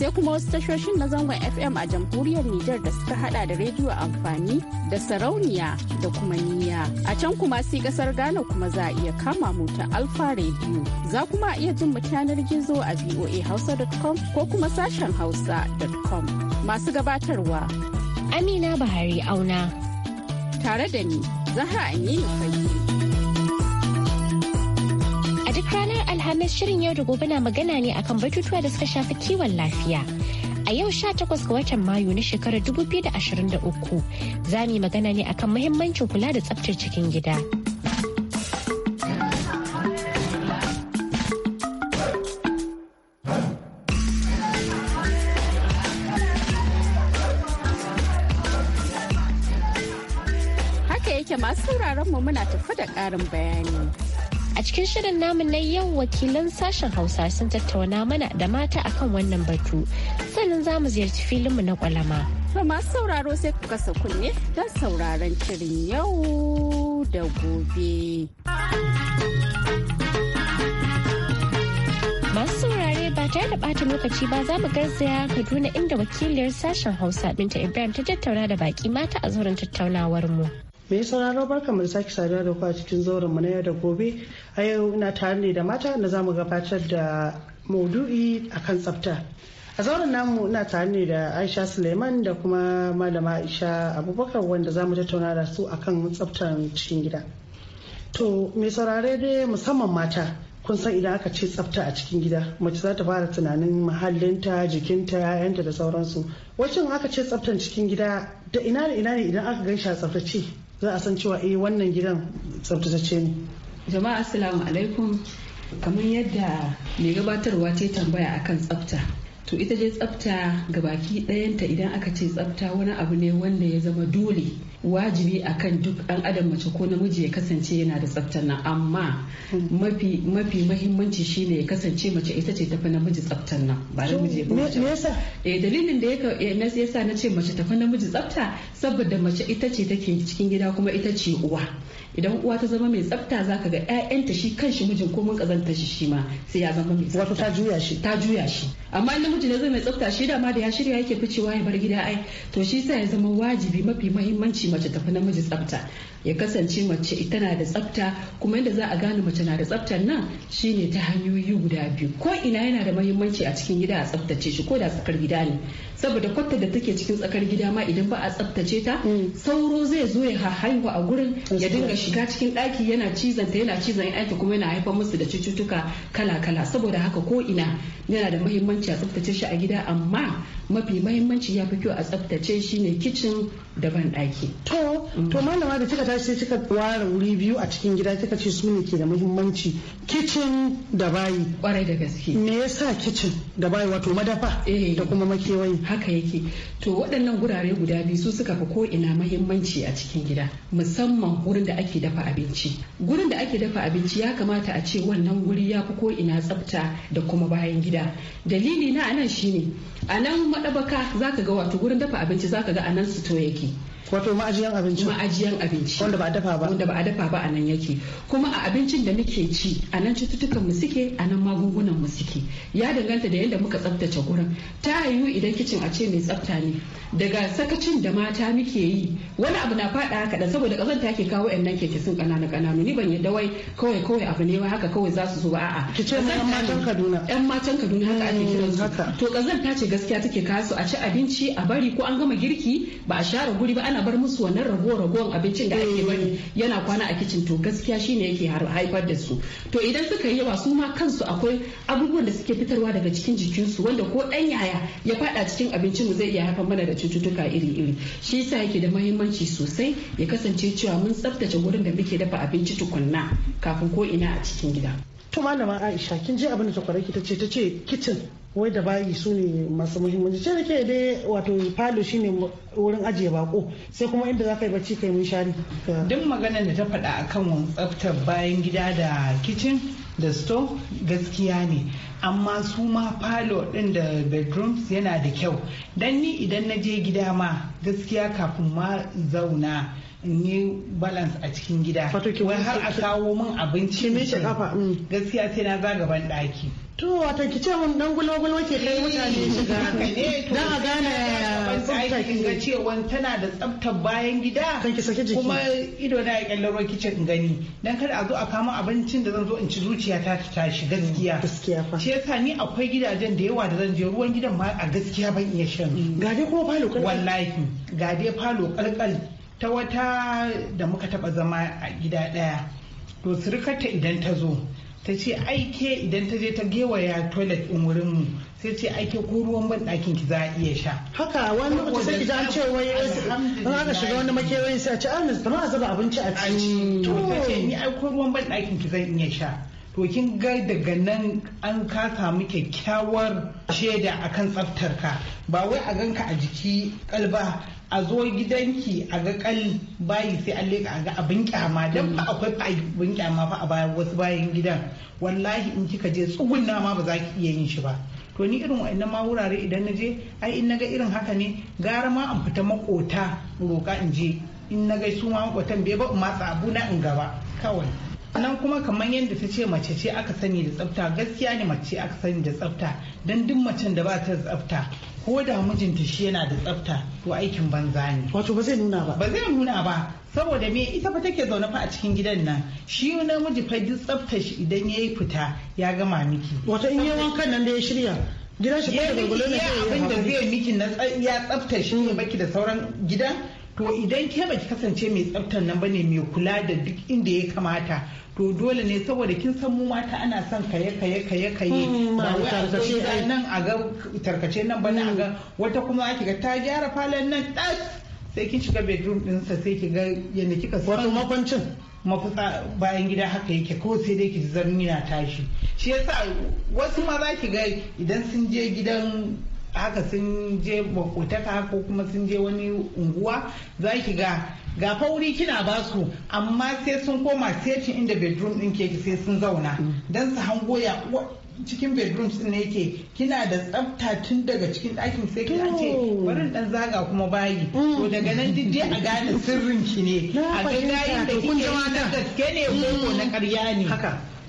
sai kuma wasu tashoshin na zangon FM a jamhuriyar Nijar da suka hada da rediyo amfani da sarauniya da kuma niya. A can kuma sai kasar Ghana kuma za a iya kama mu ta Alfa Radio. Za kuma a iya jin mu yanar gizo a voahausa.com ko kuma sashen hausa.com. Masu gabatarwa. Amina Bahari Auna. Tare da ni, Zahra Aminu Fahimi. Alhamis shirin yau da gobe na magana ne akan batutuwa da suka shafi kiwon lafiya. A yau sha takwas ga watan Mayu na shekarar 2023 za mu yi magana ne akan muhimmancin kula da tsaftar cikin gida. Haka yake masu sauraron mu muna tafi da ƙarin bayani. A cikin shirin namu na yau wakilan sashen Hausa sun tattauna mana da mata akan wannan batu. Sannan za mu ziyarci filinmu na kwalama. masu sauraro sai ku kasa kunne don sauraron shirin yau da gobe. Masu saurare ba tare da ɓata lokaci ba za mu garzaya Kaduna inda wakiliyar sashen Hausa Binta Ibrahim ta tattauna da baƙi mata a zauren tattaunawar mu. mai sauraro barka mu sake saduwa da ku a cikin zauren mu na yau da gobe a yau ina tare ne da mata na zamu gabatar da maudu'i akan tsafta a zauren namu ina tare ne da aisha suleiman da kuma malama aisha abubakar wanda zamu tattauna da su akan tsaftar cikin gida to mai saurare dai musamman mata kun san idan aka ce tsafta a cikin gida mace za ta fara tunanin muhallinta jikinta yayanta da sauransu wacin aka ce tsaftar cikin gida da ina da ina ne idan aka a tsaftace za a san cewa eh wannan gidan tsaftatacce ne jama'a assalamu alaikum kamar yadda mai gabatarwa ta tambaya akan tsafta to ita dai tsafta baki ɗayanta idan aka ce tsafta wani abu ne wanda ya zama dole wajibi akan duk ɗan adam mace ko namiji ya kasance yana da tsaftar nan amma mafi mafi mahimmanci shine ya kasance mace ita ce tafi namiji tsaftar nan ba namiji ba mace eh, dalilin da eh, ya yasa na ce mace tafi namiji tsafta saboda mace ita ce take cikin gida kuma ita ce uwa idan uwa ta zama mai tsafta ka ga ƴaƴanta shi kanshi mijin ko mun kazanta shi shi ma sai ya zama mai tsafta wato ta juya shi ta juya shi amma in namiji ne zai mai tsafta shi dama da ya shirya yake ficewa ya bar gida ai to shi sa ya zama wajibi mafi mahimmanci mace tafi namiji tsafta ya kasance mace na da tsafta kuma yadda za a gane mace na da tsaftar nan shine ta hanyoyi guda biyu ko ina yana da mahimmanci a cikin gida a tsaftace shi ko da tsakar gida ne saboda kwata da take cikin tsakar gida ma idan ba a tsaftace ta mm. sauro zai zo ya haihu a gurin ya dinga shiga cikin ɗaki yana cizon ta yana cizon ya aiki kuma yana haifar musu da cututtuka kala kala saboda haka ko ina yana da mahimmanci muhimmanci a tsaftace shi a gida amma mafi mahimmanci ya fi kyau a tsaftace shi ne kicin da ban ɗaki. To to malama da kika tashi kika ware wuri biyu a cikin gida kika ce su ne ke da muhimmanci kitchen da bayi kwarai da gaske me yasa kitchen da bayi wato madafa eh. da kuma makewayi haka yake to waɗannan gurare guda biyu su suka fi ko ina muhimmanci a cikin gida musamman gurin da ake dafa abinci gurin da ake dafa abinci ya kamata a ce wannan guri ya fi ko ina tsafta da kuma bayan gida dalili na anan shine a nan madabaka zaka ga wato gurin dafa abinci zaka ga anan to yake wato ma'ajiyan abinci ma'ajiyan abinci wanda ba a dafa ba wanda ba a dafa ba a nan yake kuma a abincin da muke ci a nan cututtukan mu suke a nan magungunan mu suke ya danganta da yadda muka tsaftace gurin ta yiwu idan kicin a ce mai tsafta ne daga sakacin da mata muke yi wani abu na faɗa haka da saboda ta ke kawo ƴan nan keke sun kanana kananu ni ban yadda wai kawai kawai abu ne wai haka kawai za su zo ba a'a ki ce ƴan matan Kaduna ƴan matan Kaduna haka ake eh, kiran su to ta ce gaskiya take kawo su a ci abinci a bari ko an gama girki ba a share guri ba ana ana bar musu wannan rago ragowar abincin da ake eh. bari yana kwana a kicin to gaskiya shine yake haifar da su to idan suka yi yawa su ma kansu akwai abubuwan da suke fitarwa daga cikin jikinsu wanda ko dan yaya ya fada cikin abincin mu zai iya haifar mana da cututtuka iri-iri shi yasa yake da mahimmanci sosai ya kasance cewa mun tsaftace wurin da muke dafa abinci tukunna kafin ko ina a cikin gida to malama Aisha kin je abin da ta kware ki tace tace kitchen wai da bayi su ne masu muhimmanci ce da ke dai wato falo shine wurin ajiye bako sai kuma inda za ka yi bacci kai mun shari duk maganar da ta faɗa kan tsaftar bayan gida da kicin da store gaskiya ne amma su ma falo din da bedrooms yana da kyau dan ni idan na je gida ma gaskiya kafin ma zauna ne balance a cikin gida wai har a kawo min abinci mm. gaskiya sai na zaga ban daki to wato ki ce mun dan gulo ke kai eh, mutane shiga haka ne to a gane tsafta kin ga cewa tana da tsabtar bayan gida kan ki saki jiki kuma ido na ya kallon ruwan kicin gani dan kada a zo a kama abincin da zan zo in ci zuciya ta tashi gaskiya mm, gaskiya fa shi yasa ni akwai gidajen da yawa da zan je ruwan gidan ma a gaskiya ban iya shan mm. ga dai kuma falo kalkal wallahi ga dai falo kalkal ta wata da muka taba zama a gida daya to surukarta idan ta zo ta ce aike idan ta je ta gewaya toilet in wurin mu sai ce aike ko ruwan ban ɗakin ki za a iya sha haka wani lokaci sai kiga an ce wai in aka shiga wani makewayin sai a ce an ah, ba a zuba abinci a ci to ta ce ni ai ko ruwan ban ɗakin ki zan iya sha to kin ga daga nan an ka samu kyakkyawar shaida akan tsaftar ka ba wai a ganka a jiki kalba a zo gidanki a ga kalli bayi sai an leka a ga abin kyama dan fa akwai fa abin kyama fa a bayan wasu bayan gidan wallahi in kika je tsugunna ma ba za ki iya yin shi ba to ni irin wa'annan ma wurare idan na je ai in naga irin haka ne gara ma an fita makota roka in je in naga su ma makotan bai ba in matsa abu na in gaba kawai nan kuma kamar yadda ta ce mace ce aka sani da tsafta gaskiya ne mace aka sani da tsafta don duk macen da ba ta tsafta ko da mijinta shi yana da tsafta to aikin banza ne wato ba zai nuna ba ba zai nuna ba saboda me ita fa take zaune fa a cikin gidan nan shi namiji fa duk tsafta shi idan yayi fita ya gama miki wato in yi wankan nan da ya shirya gidan shi ba da gulgulu ne ya abin da zai miki na ya tsafta shi ne baki da sauran gidan to idan ke baki kasance mai tsaftar nan bane mai kula da duk inda ya kamata to dole ne saboda kin san mu mata ana son kaye kaye kaye kaye hmm, hmm, ba wai nan a ga tarkace nan bane a ga hmm. wata kuma ake ga ta gyara falon nan tas sai kin shiga bedroom sa sai ki ga yanda kika san wato makwancin mafitsa bayan gida haka yake ko sai dai ki zarni na tashi shi yasa wasu ma za ki ga idan sun je gidan haka sun je makotaka ko kuma sun je wani unguwa za ki ga ga fauri kina ba su amma sai sun koma setin inda bedroom din ke sai sun zauna mm. don su hango ya cikin bedrooms din yake kina da tsafta tun daga cikin ɗakin sai kina ce barin dan zaga kuma bayi mm. to daga nan duk dai a gane sirrin ki ne a ga gayin da kike gaske ne ko na mm. ƙarya ne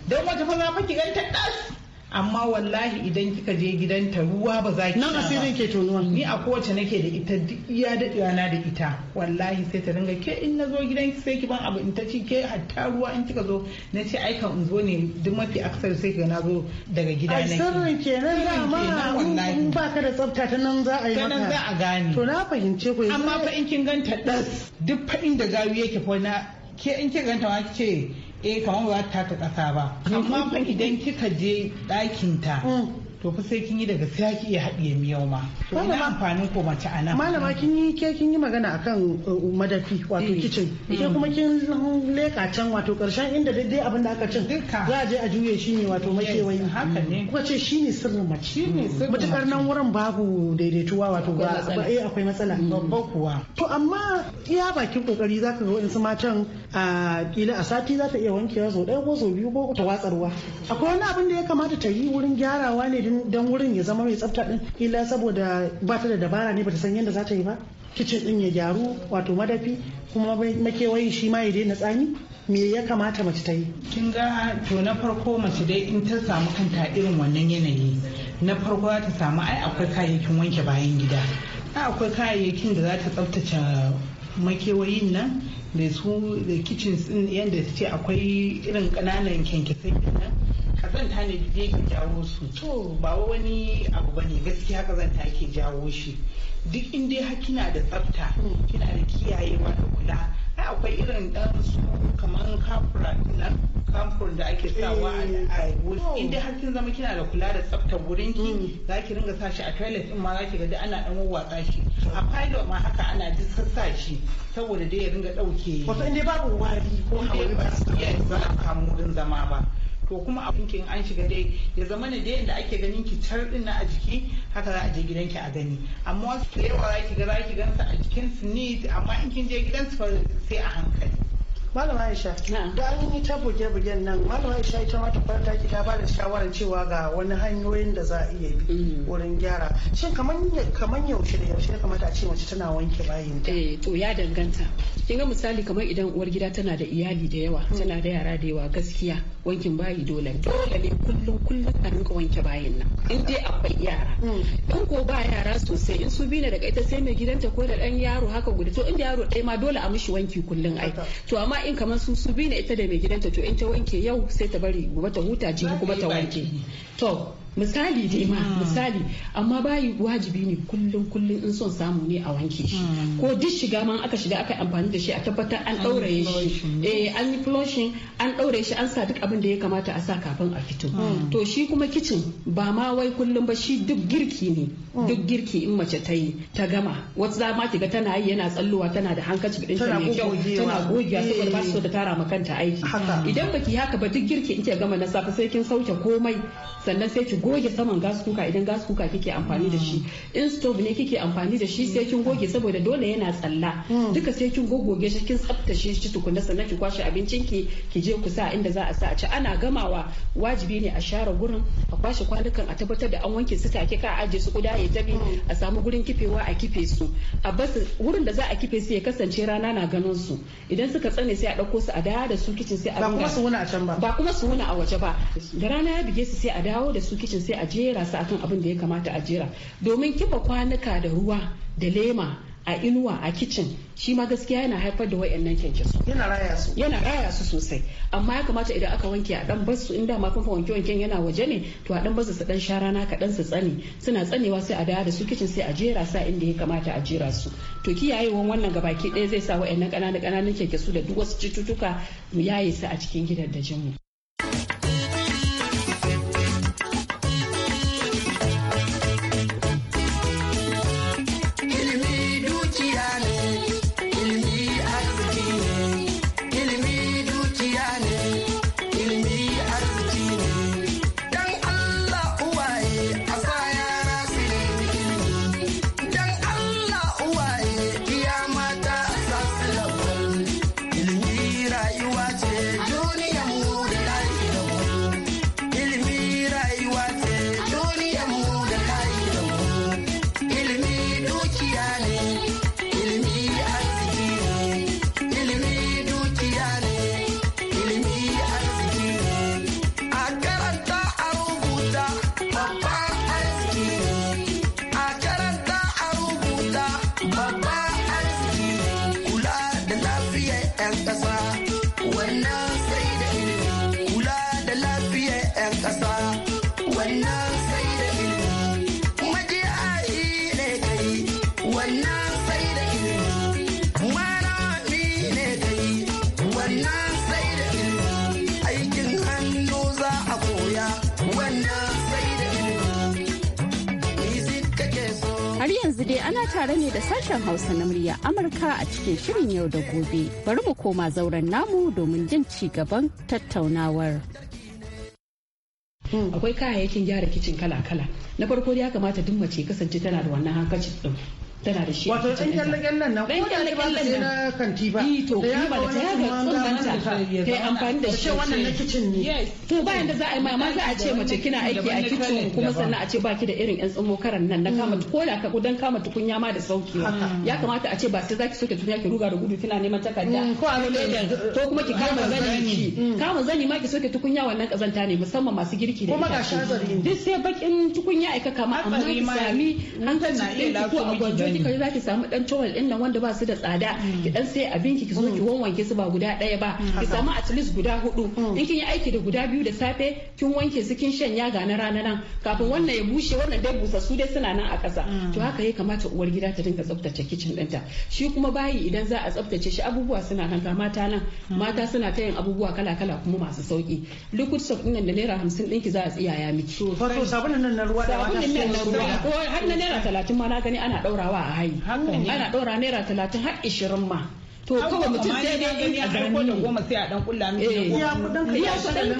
don wata fa za ki ganta ɗas amma wallahi idan kika je gidanta ruwa ba za ki nan asirin ke tonuwa ni a kowace nake da ita duk iya dadewa na da ita wallahi sai ta dinga ke in nazo ki sai ki ban abu in ta ci ke hatta ruwa in kika zo na ce ai kan in zo ne duk mafi aksar sai ka na zo daga gida na sirrin nan za mana in ba ka da tsafta ta nan za a yi maka za a gane to na fahimce ku amma fa in kin ganta das duk fa inda gawi yake ko na ke in kin ganta wa ce eh kamar ba ta taka ƙasa ba amma fa idan kika je ɗakin ta mm. to fa sai kin yi daga sai ki iya haɗiye miyau ma to ina amfanin ko mace a nan malama kin yi ke kin yi magana akan uh, uh, madafi wato eh. kitchen ke mm. kuma kin leka can wato karshen inda daidai abin da aka cin za a je a juye shi ne wato mashewayi haka ne kuka ce shi ne sirrin mace shi ne sirrin matukar nan wurin babu daidaituwa wato ba akwai matsala eh, mm. babba kuwa to amma iya bakin kokari ka ga waɗansu matan a kila a sati za ta iya wankewa sau ɗaya ko sau biyu ko ta watsarwa akwai wani abin da ya kamata ta yi wurin gyarawa ne in dan wurin ya zama mai tsafta din illa saboda ba ta da dabara ne bata san yadda za ta yi ba kicin din ya gyaru wato madafi kuma makewayi shi ma ya daina tsami me ya kamata mace ta yi kin ga to na farko mace dai in ta samu kanta irin wannan yanayi na farko za ta samu ai akwai kayayyakin wanke bayan gida akwai kayayyakin da za ta tsaftace makewayin nan da su da kitchen din yadda ta ce akwai irin kananan kyankyasai zan tanadi da in jawo su ba wani abu bane gaskiya kazanta ke jawo shi duk in dai kina da tsafta kina da kiyaye da kula ai akwai irin dan su kamar kafura nan kamfur da ake sawa a eh, wuri in dai zama kina da kula da tsaftar wurin ki mm. za ki ringa sashi a toilet din ma za ki ana dan wawwatsa shi a pilot ma haka ana duk sassa shi saboda dai ya ringa dauke wato in dai babu wari ko hawa ba za a kamo wurin zama ba to kuma abin in an shiga dai ya zama ne dai inda ake ganin ki tar din na a jiki haka za a je gidanki a gani amma wasu da yawa za ki ga za ki gansa a jikin su ne amma in kin je gidansu sai a hankali malama aisha da an yi ta buge-bugen nan malama aisha ita ma ta ki ta ba da shawarar cewa ga wani hanyoyin da za a iya bi mm. wurin gyara shin kamar yaushe da yaushe kamata a ce mace tana wanke bayin ta eh to ya danganta kin ga misali kamar idan uwar gida tana da iyali da yawa mm. tana da yara da yawa gaskiya wankin bayi dole dole ne kullum kullum a rinka wanke bayin nan in dai akwai yara mm. in ko ba yara sosai in su bi da kai ta sai mai gidanta ko da dan yaro haka guda to inda yaro ɗaya ma dole a mishi wanki kullum ai to amma in kamar su su bi ne ita da mai gidanta to in ta wanke yau sai ta bari gobe ta huta jini kuma ta wanke to misali dai ma hmm. misali amma bayi wajibi ne kullum kullum in son samu ne a wanke shi hmm. ko duk shiga ma aka shiga aka amfani da shi a tabbatar an ɗauraye shi eh an yi flushing an ɗaure shi an sa duk abin da ya kamata a sa kafin a fito hmm. to shi kuma kicin ba ma wai kullum ba shi duk girki ne duk girki in mace ta yi ta gama wata za ma kiga tana yi yana tsallowa tana da hankaci ɗin tana gogewa tana gogewa eh. saboda ba su da tara ma kanta aiki idan baki haka ba duk girki in ke gama na safe sai kin sauke komai sannan sai ki goge saman gas kuka idan gas kuka kike amfani da shi in stove ne kike amfani da shi sai kin goge saboda dole yana tsalla hmm. duka sai kin goggoge shi kin tsaftace shi tukunna sannan ki kwashe abincin ki ki je ku sa inda za a sa a ci ana gamawa wajibi ne a share gurin a kwashe kwanukan a tabbatar da an wanke su take ka aje su guda ya tabi hmm. a samu gurin kifewa a kife su a basu wurin da za a kife su ya kasance rana na ganin su idan suka tsane sai a dauko su a dawo da su kicin sai a ba kuma su wuna a can ba ba kuma su wuna a waje ba da rana ya bige su sai a dawo da su kicin kicin sai a jera su akan abin da ya kamata a jera domin kifa kwanuka da ruwa da lema a inuwa a kicin shi ma gaskiya yana haifar da wayannan kyankyaso yana raya su yana raya su sosai amma ya kamata idan aka wanke a dan basu in dama fanfa wanke wanken yana waje ne to a dan basu su dan sha rana ka dan su tsane suna tsanewa sai a dawo da su kicin sai a jera sa inda ya kamata a jera su to kiyayewan wannan gabaki daya zai sa wayannan ƙananan ƙananan kyankyaso da duk wasu cututtuka mu yaye su a cikin gidan dajin mu ana tare ne da sashen Hausa na murya Amurka a cikin shirin yau da gobe. Bari mu koma zauren namu domin jin ci gaban tattaunawar. Hmm. Akwai kayayyakin gyara kicin kala-kala. Na farko ya kamata duk mace kasance tana da wannan hankacin tana da shi wato dan kyalle kyallen nan ko da ba nan na kanti to ya ba ta ya ga tsumbanta kai amfani da shi wannan na kitchen ne to bayan da za a yi mama za a ce mace kina aiki a kitchen kuma sannan a ce baki da irin yan tsumo karan nan na mm. kama ko da ka gudan kama tukunya ma da sauki ya kamata a ce ba sai zaki soke tukunya ki ruga da gudu kina neman takarda mm, ko a ledan ko kuma ki kama zani ki mm. kama zani ma ki soke tukunya wannan kazanta ne musamman masu girki da kuma ga shazari duk sai bakin tukunya aika kama amma ki sami hankali a gwajo in kika mm. za ki samu dan towel din nan wanda ba su da tsada mm. ki dan sai abin ki zo ki mm. wanke su ba guda daya ba ki samu at least guda hudu in kin yi aiki da guda biyu da safe kin wanke su kin shanya ga na rana nan kafin wannan ya bushe wannan dai busa su dai suna nan a kasa to haka ya kamata uwar gida ta dinga tsaftace kicin ɗinta shi kuma bayi idan za a tsaftace shi abubuwa suna nan ga mata nan mata suna ta yin abubuwa kala kala kuma masu sauki liquid soap ɗin da naira hamsin ɗinki za a tsiyaya miki. wato nan na ruwa da wata nan na ruwa ko har na naira talatin ma na gani ana ɗaurawa a ana ɗora naira talatin har ishirin ma to kawai mutum sai dai gani a garin da goma sai a dan kulla eh. ya kudin ka ya kudin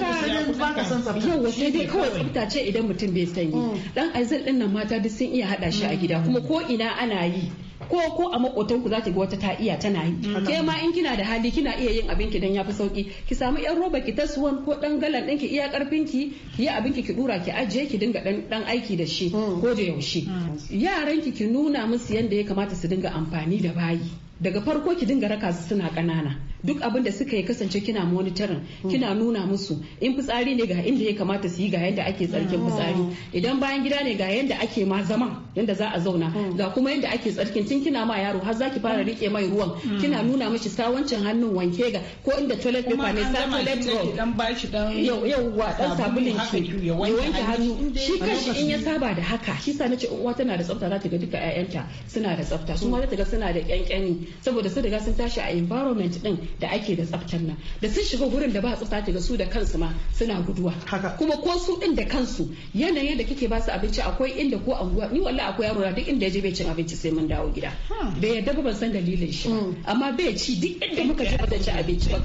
san yawa sai dai kawai tsafta ce idan mutum bai sanyi mm. dan aizal din nan mata duk sun iya hada shi a mm. gida kuma ko ina ana yi ko ko a makotan ku zaki ga wata ta iya tana yi ke ma in kina da hali kina iya yin abinki dan yafi sauki ki samu yan roba ki ta suwan ko dan galan dinki iya karfin ki ki yi abinki ki dura ki ajiye ki dinga dan dan aiki da shi mm. ko da yaushe mm. yaranki ki ki nuna musu yanda ya kamata su dinga amfani da bayi daga farko ki dinga raka su suna kanana duk abin da suka yi kasance kina monitorin kina nuna musu in fitsari ne ga inda ya kamata su yi ga yadda ake tsarkin mm. fitsari idan bayan gida ne ga yadda ake ma zama yadda za a zauna mm. ga kuma yadda ake tsarkin tun kina ma yaro har zaki fara rike mai ruwan mm. kina nuna mishi sawancin hannun wanke ga ko inda toilet paper ne sa toilet roll dan bashi dan yau yau wa dan sabulin ki ya wanke hannu shi kanshi in ya saba da haka shi sa nace uwa tana da tsafta za ta ga duka ƴaƴanta suna da tsafta su ma za ta ga suna da kyankyani saboda su riga sun tashi a environment din da ake da tsaftar nan da sun shiga gurin da ba tsafta ga su da kansu ma suna guduwa kuma ko su din da kansu yanayin da kike ba su abinci akwai inda ko anguwa ni wallahi akwai yaro duk inda yaje bai cin abinci sai mun dawo gida bai yadda ba ban san dalilin shi hmm. amma bai ci duk inda muka je ba ci abinci ba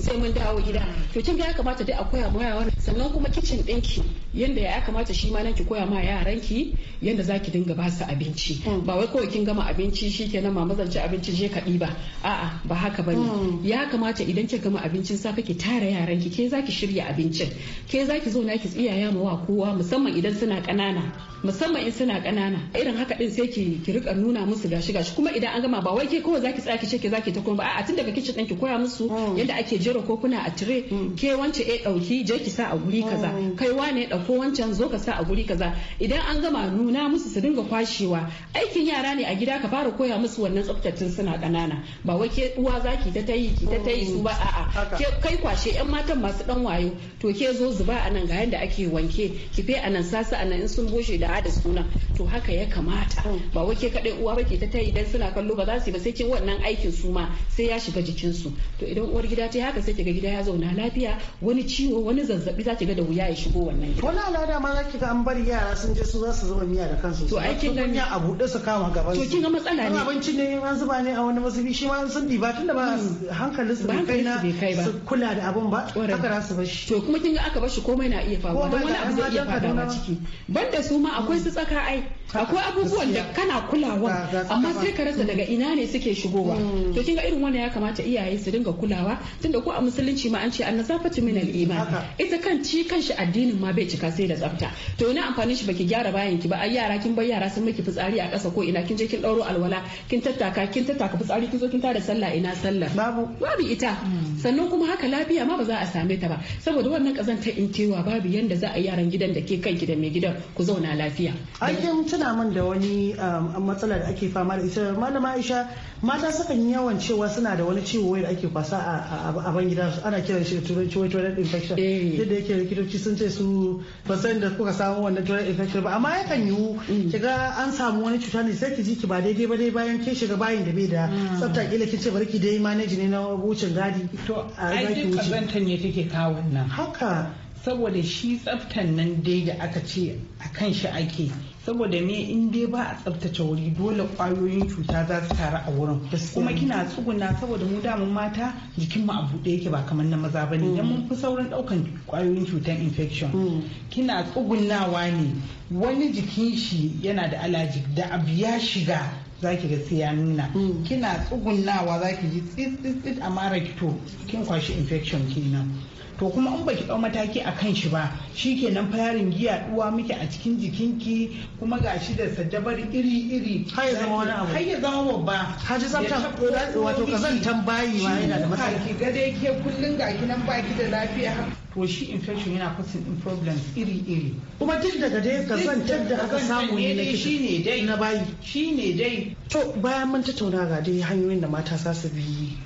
sai mun dawo gida to kin ga ya kamata dai a koya ma sannan kuma kicin ki yanda ya kamata shi ma nan ki koya ma yaranki yanda zaki dinga ba su abinci hmm. ba wai kawai kin gama abinci shikenan mama zan ci abinci je ka ɗiba a'a ba haka bane hmm. ya kamata idan kika gama abincin safe ki tara yaran ki ke zaki shirya abincin ke zaki zo na ki tsiyaya ma wa kowa musamman idan suna ƙanana musamman in suna ƙanana irin haka din sai ki ki rika nuna musu gashi gashi kuma idan an gama ba wai ke kowa zaki tsaya ki ce ke zaki ta kuma ba a tun daga kicin ki koya musu mm. yadda ake jera kokuna a tire mm. ke wance eh dauki je ki sa a guri kaza mm. kai wane ya dauko wancan zo ka sa a guri kaza idan an gama nuna musu su dinga kwashewa aikin yara ne a gida ka fara koya musu wannan tsaftacin suna ƙanana ba wai ke uwa zaki ta tayi ki ta tayi su ba a ke kai kwashe yan matan masu dan wayo to ke zo zuba a nan ga yadda ake wanke ki fe anan sasa nan in sun bushe Da da suna to haka ya kamata mm. ba wake kadai uwa ke ta tayi idan suna kallo ba za su yi ba sai kin wannan aikin su ma sai ya shiga jikin su to idan uwar gida ta haka sai kiga gida ya zauna lafiya wani ciwo wani zazzabi za ki ga da wuya ya shigo wannan gida wani al'ada ma za ki ga an bari yara sun je su za su zama miya da kansu to aikin ya a buɗe su kama gaban to kin ga matsala ne abincin ne an zuba ne a wani masubi shi ma sun diba tunda ba mm. hankalin su bai kai na su kula da abun ba haka za su bar shi to kuma kin ga aka bar shi komai na iya faruwa don wani abu zai iya faruwa ciki banda su ma akwai su tsaka ai akwai abubuwan da kana kulawa amma sai ka rasa daga ina ne suke shigowa hmm. to ga irin wannan ya kamata iyaye su dinga kulawa tunda ko a musulunci ma an ce annasafatu min al-iman ita kan ci kan shi addinin ma bai cika sai da tsafta to ina amfani shi baki gyara bayan ki ba ai yara kin bar yara sun miki fitsari a ƙasa ko ina kin je kin ɗauro alwala kin tattaka kin tattaka fitsari kin zo kin tada sallah ina sallah babu babu ita hmm. sannan kuma haka lafiya ma ba za a same ta ba saboda wannan kazantar in kewa babu yanda za a yaran gidan da ke kan gidan mai gidan ku zauna lafiya lafiya. Aikin tuna min da wani um, matsala da ake fama da ita malama Aisha mata sukan yawan cewa suna da wani ciwo da ake kwasa a ban gida ana kiran shi da turanci wai toilet infection yadda eh. yake likitoci sun ce su ba da kuka samu wannan toilet infection ba amma yakan yiwu mm. kiga an samu wani cuta ne sai ki ji ki ba daidai ba dai bayan ke shiga bayin da bai da mm. tsafta kila ki ce bari ki dai manage ne na wucin gadi to a zaki wuce ne take kawo nan haka saboda shi tsaftan nan dai da aka ce a kan shi ake saboda ne in dai ba a tsaftace wuri dole kwayoyin cuta za su taru a wurin kuma kina tsuguna saboda mu damun mata jikin mu a buɗe yake ba kamar na maza bane mm. idan mun fi saurin daukan kwayoyin cutar infection mm. kina tsugunawa ne wani jikin shi yana da allergic da abu ya shiga za ki ga sai ya nuna mm. kina tsugunawa za ki ji tsitsitsit a mara kito kin kwashi infection kenan to kuma in baki dau mataki a kan shi ba shikenan farin giya duwa miki a cikin jikinki kuma gashi da saddabar iri iri har ya zama wani abu har ya zama babba ka ji tsaftan wato kazantan bayi ma yana da matsala ki ga dai ke kullun gaki nan baki da lafiya to shi infection yana causing in problems iri iri kuma duk daga dai kazantar da aka samu ne na ne dai na bayi shine dai to bayan mun tattauna ga dai hanyoyin da mata za su bi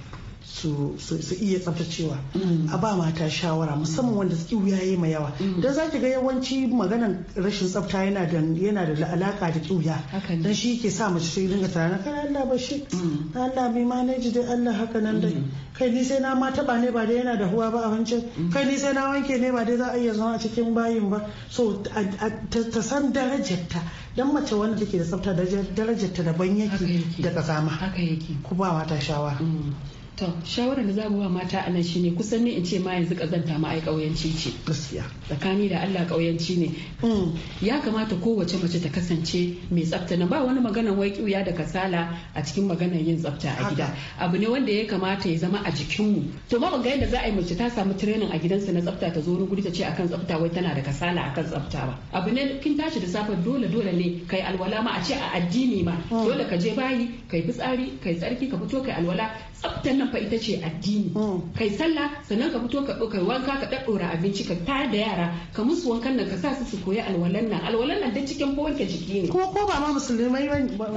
su iya tsaftacewa mm. a ba mata shawara musamman wanda suke wuya yi ma yawa mm. don za ki ga yawanci maganan rashin tsafta yana da yana da alaka da kiwuya shi ke sa mace sai dinga na kai Allah ba shi mm. Allah bi manage dai Allah haka nan dai kai ni sai na ma taba ne ba dai yana da huwa ba a wancan kai ni sai na wanke ne ba dai za a iya zama a cikin bayin ba so ta san darajarta dan mace wanda take da tsafta darajarta daban yake da kazama haka yake ku ba mata shawara to shawarar da zamu ba mata a nan shine kusan ne in ce ma yanzu kazanta ma ai kauyanci ce gaskiya tsakani da Allah kauyanci ne hmm, ya kamata kowace mace ta kasance mai tsafta na ba wani magana wai kiuya da kasala a cikin maganar yin tsafta a gida abu ne wanda ya kamata ya zama a mu. to ma ban ga yadda za a yi mace ta samu training a gidansa na tsafta ta zo ni guri ta ce akan tsafta wai tana da kasala akan tsafta ba abu ne kin tashi da safe dole dole ne kai alwala ma a ce a addini ma hmm. dole ka je bayi kai fitsari kai tsarki ka fito kai alwala tsaftan nan fa ita ce addini mm. kai sallah sannan ka fito ka ɗauka wanka ka ɗaɗɗora abinci ka tayar da yara ka musu wankan nan ka sa su su koyi alwalan nan alwalan nan da cikin ko wanke jiki ne kuma ko ba ma musulmi ba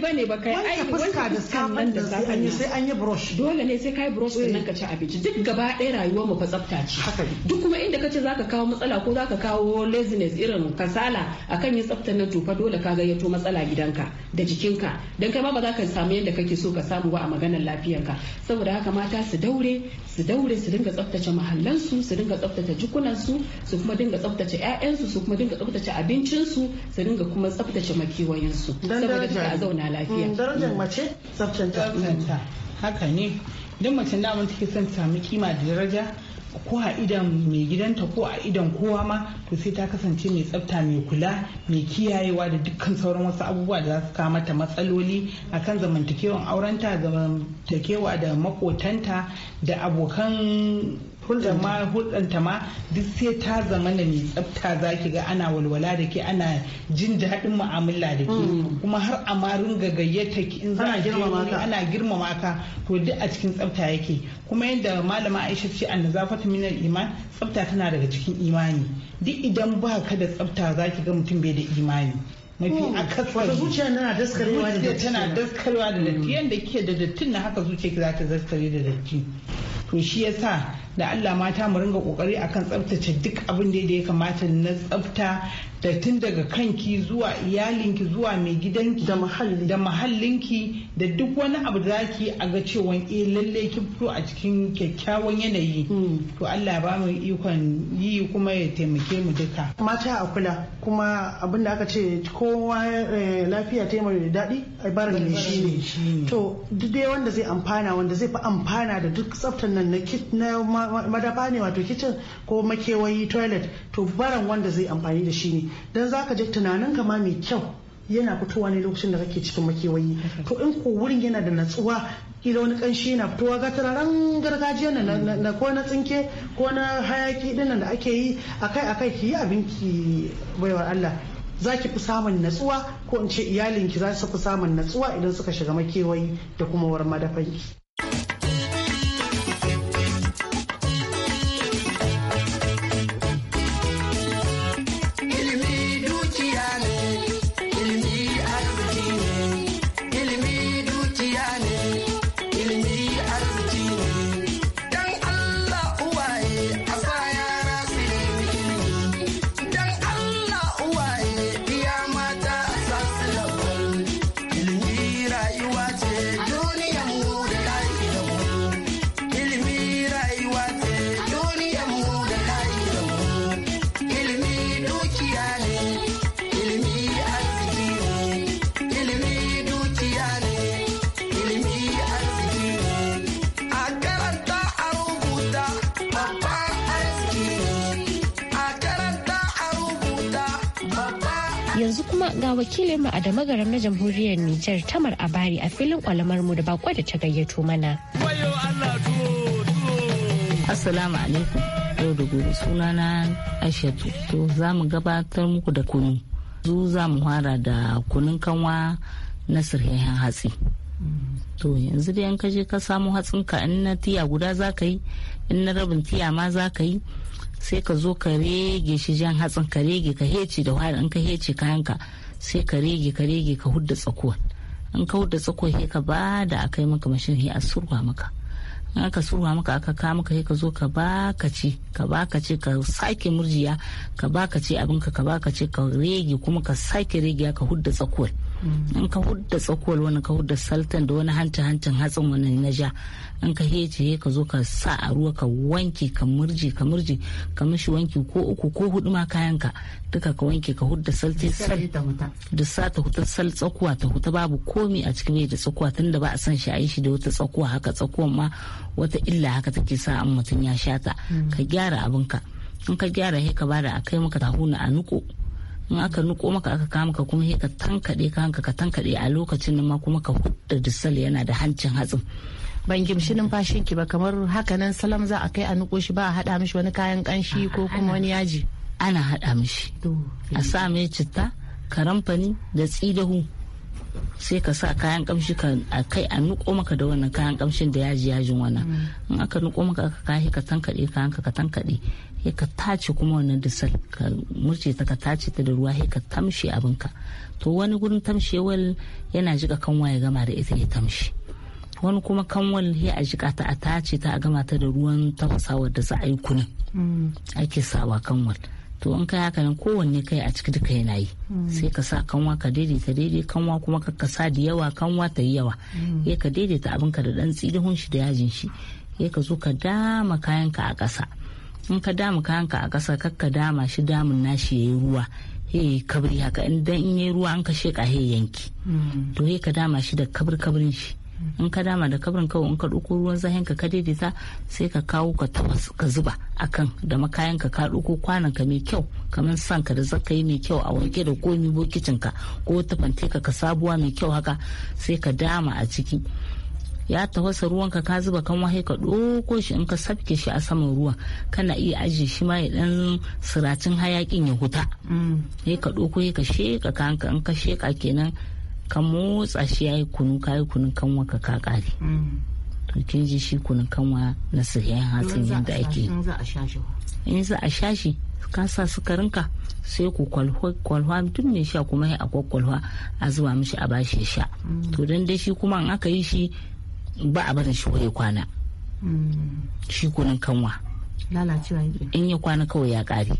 ba ne ba kai ai wanka da saman da safen ne sai an yi brush dole ne sai kai brush sannan ka ci abinci duk gaba ɗaya rayuwar mu fa tsafta ce duk kuma inda kace zaka kawo matsala ko zaka kawo laziness irin kasala akan yin tsaftar nan to fa dole ka gayyato matsala gidanka da jikinka dan kai ma ba za ka samu yadda kake so ka samu ba a maganar lafiyarka saboda haka mata su daure su daure su dinga tsaftace mahallansu su dinga tsaftace jikunansu su kuma dinga tsaftace 'ya'yansu su kuma dinga tsaftace abincinsu su dinga kuma tsaftace makewayensu saboda ta a zauna lafiya mm, darajar mm. mace tsaftanta mm. haka ne duk mace da mun take son ta samu kima da daraja ko a idan mai gidanta ko a idan kowa ma to sai ta kasance mai tsafta mai kula mai kiyayewa da dukkan sauran wasu abubuwa da za su kawo mata matsaloli a kan zamantakewan aurenta zamantakewa da makotanta da abokan hulɗa ma hulɗanta ma duk sai ta zama na mai tsafta za ki ga ana walwala da ke ana jin daɗin mu'amala da ke mm. kuma har a ma ringa gayyata ki in za a ana girmama ka to duk a cikin tsafta yake kuma yadda malama Aisha ce an nazafatu minar iman tsafta tana daga cikin imani duk idan ba ka da tsafta za ki ga mutum bai da imani mafi mm. akasari zuciya tana daskarwa da datti tana da datti mm. ke da dattin na haka zuciya ki za ta daskare da datti to shi ya sa da Allah mata mu ringa kokari akan tsaftace duk abin da ya kamata na tsafta da tun daga kanki zuwa iyalinki zuwa mai gidanki da mahallinki da duk wani abu da zaki a ga cewa eh lalle ki fito a cikin kyakkyawan yanayi hmm. to Allah ba mu ikon yi kuma ya taimake mu duka mata a kula kuma abin da aka ce kowa eh, lafiya ta mai da daɗi ai bara da shi to duk dai wanda zai amfana wanda zai fi amfana da duk tsabtan nan nan na madafa ne wato kitchen ko makewayi toilet to baran wanda zai amfani da shi ne don zaka je tunanin kama mai kyau yana fitowa ne lokacin da kake cikin makewayi to in ko wurin yana da natsuwa kila wani kanshi yana fitowa ga turaren gargajiya na ko na tsinke ko na hayaki din da ake yi akai akai ki yi abin ki baiwar Allah za ki fi samun natsuwa ko in ce iyalinki za su fi samun natsuwa idan suka shiga makewayi da kuma warin madafanki. wakilin mu a da magaram na jamhuriyar Nijar Tamar Abari a filin kwalamar mu da bako da ta gayyato mana. Assalamu alaikum. Yau da gobe sunana Aisha To za mu gabatar muku da kunu. Zu za mu fara da kunun kanwa na sirhehen hatsi. To yanzu da yanka je ka samu ka in na tiya guda za ka yi, in na rabin tiya ma za ka yi. sai ka zo ka rege shi jan hatsin ka rege ka heci da wahala in ka hece kayanka sai ka rege ka rege ka hudda tsakuwa in ka hudda tsakuwa sai ka ba da a kai maka mashin sai a surwa maka in aka surwa maka aka ka maka sai ka zo ka ba ka ci ka ba ka ci ka sake murjiya ka ba ka ci abinka ka ba ka ci ka rege kuma ka sake rege ka hudda tsakuwa in ka hudda tsakuwar wani ka hudda saltan da wani hanta hantan hatsin wani na ja in ka hece ka zo ka sa a ruwa ka wanke ka murji ka murji ka mishi wanki ko uku ko hudu ma kayan duka ka wanke ka hudda saltan da sa ta huta sal tsakuwa ta huta babu komi a cikin yadda da tsakuwa tunda ba a san shi a yi shi da wata tsakuwa haka tsakuwan ma wata illa haka take sa an mutum ya sha ta mm. ka gyara abinka in ka gyara ka bada a kai maka tahuna a nuko in aka nuko maka aka kama ka kuma ka tankade hanka ka tankade a lokacin nan ma kuma ka hudda disal yana da hancin hatsin ban gimshi numfashin ki ba kamar haka nan salam za a kai a nuko shi ba a haɗa mishi wani kayan kanshi ko kuma wani yaji ana haɗa mishi a sa mai citta karamfani da tsidahu sai ka sa kayan kamshi ka a kai a nuko maka da wannan kayan kamshin da yaji yajin wannan mm. in aka nuko maka ka kai ka tankade kayan ka tankade sai ka tace kuma wannan disal ka murce ta ka tace ta da ruwa sai ka tamshe abinka to wani gurin tamshewal yana jika kanwa ya gama da ita ya tamshi wani kuma kanwal sai a jika ta a tace ta a gama ta da ruwan tafasawar da za a yi kunin mm. ake sawa kanwal to in kai haka nan kowanne kai a ciki duka yana yi hmm. sai ka sa kanwa ka daidaita daidai kanwa kuma ka sa da yawa kanwa ta yi yawa ya hmm. ka daidaita abin ka da dan tsilihun shi da yajin shi ya ka zo ka dama kayan ka a kasa in ka dama kayan ka a kasa kar ka dama shi damun nashi yayi ruwa he kabri haka in dan in yayi ruwa an ka sheka he yanki hmm. to he ka dama shi da kabri kabrin shi in ka dama da kabrin kawai in ka ɗauko ruwan zahin ka ka daidaita sai ka kawo ka tabas ka zuba akan da makayan ka ka ɗauko kwanan ka mai kyau kamar san ka da zaka yi mai kyau a wanke da komi bokicin ka ko wata fanteka ka sabuwa mai kyau haka sai ka dama a ciki ya tafasa ruwanka ka zuba kan wahai ka ɗauko shi in ka sabke shi a saman ruwa kana iya ajiye shi ma ya ɗan siracin hayakin ya huta Ya mm. ka ya ka sheka kanka in ka sheka kenan ka motsa shi yi kunu yi kunun kanwa ka kakare to kin ji shi kunun kanwa na siryan hatsin yadda ake in za a sha shi ka sa sukarinka sai ku kwalwa tun ne sha kuma ya akwai kwalwa a zuba mishi a bashi sha mm. to don dai shi kuma in aka yi shi ba a barin shi wuri kwana mm. shi kunun kanwa in ya kwana kawai ya kare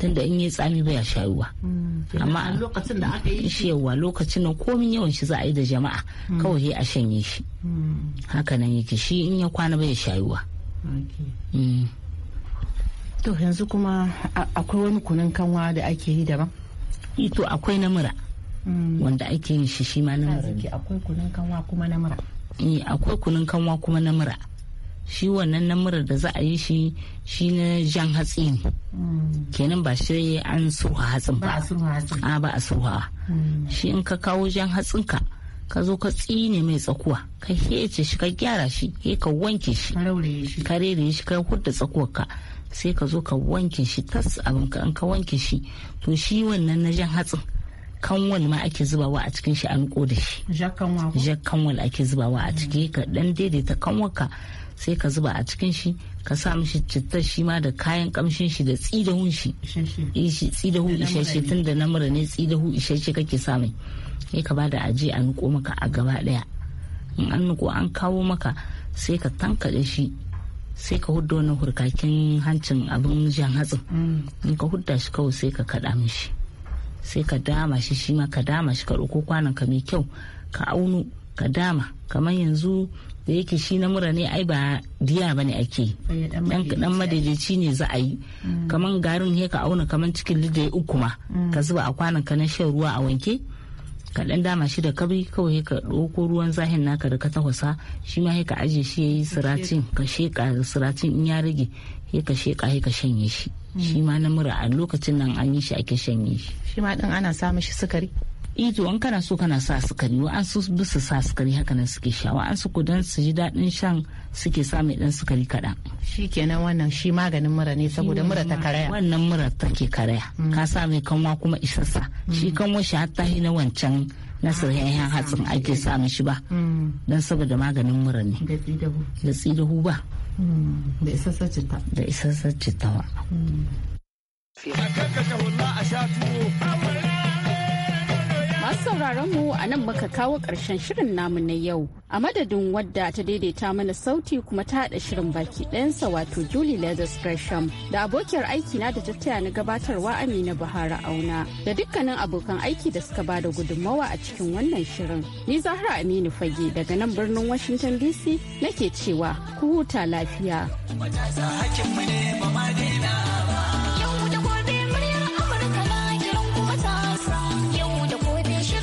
tunda in yi tsami baya sha ruwa mm. amma lokacin da aka yi shi yawa lokacin nan komin yawan shi za a yi da jama'a mm. kawai a shanye shi mm. haka nan yake shi in ya kwana baya sha ruwa to yanzu kuma akwai wani kunin kanwa da ake yi daban ito akwai na mura wanda ake yin shi shi ma na mura akwai kunin kanwa kuma na mura eh, akwai kunin kanwa kuma na mura shi wannan na murar da za a yi shi shi na jan hatsi ne kenan ba shi an surha hatsin ba a ba a surha hmm. shi in ka kawo jan hatsinka ka zo ka tsine mai tsakuwa ka hece shi ka gyara shi he ka wanke shi ka rere shi ka hudda ka sai ka zo ka wanke shi tas abin ka in ka wanke shi to shi wannan na jan hatsin kanwal ma ake zubawa a cikin shi an da shi jakkanwal ake zubawa a ciki ka dan daidaita kanwaka sai ka zuba a cikin shi ka sa mishi cittar shi ma da kayan kamshin shi da tsidahun eh, shi tsidahu isasshe tun da namura ne tsidahu isasshe kake sa mai sai ka bada aje a niko maka a gaba daya in an niko an kawo maka sai ka tankaɗe shi sai ka hudda wani hurkakin hancin abin jan hatsin mm. in ka hudda shi kawai sai ka kaɗa mishi sai ka dama shi shi ma ka dama shi ka ɗauko kwanan ka mai kyau ka aunu ka dama kamar yanzu da yake shi na mura ne ai ba diya ba ne ake dan madaidaici ne za a yi mm. kaman garin he ka auna kamar cikin lidda ya uku ma mm. ka zuba a kwanan ka na shan ruwa a wanke ka dan dama shi da kabri kawai ka ɗauko ruwan zahin naka da ka tafasa shi ma ka aje shi yayi siracin ka sheka siracin in ya rage he ka sheka ka shanye shi mm. shi ma na mura a lokacin nan an yi shi ake shanye shi shi ma ɗin ana samun shi sukari ito eh to an kana so kana sa su kani an su bisa sa su kani haka nan suke sha wa an su kudan su ji daɗin shan suke sa mai dan kari kaɗan. shikenan wannan shi maganin mura ne saboda mura ta karaya wannan mura take karaya mm. ka sa mai kanwa kuma isassa mm. shi kanwa shi hatta na wancan na ah, sirhen hatsin ake sa shi ba mm. don saboda maganin mura ne da tsidahu ba da isassar citta da isassar citta ba. a sha tuwo. sauraron mu a nan muka kawo ƙarshen shirin namu na yau. A madadin wadda ta daidaita mana sauti kuma ta haɗa shirin baki ɗayansa wato Julie Leathers Gresham da abokiyar aiki na da ta taya na gabatarwa Amina buhari Auna da dukkanin abokan aiki da suka ba da gudunmawa a cikin wannan shirin. Ni Zahra Aminu Fage daga nan birnin Washington DC nake cewa ku huta lafiya.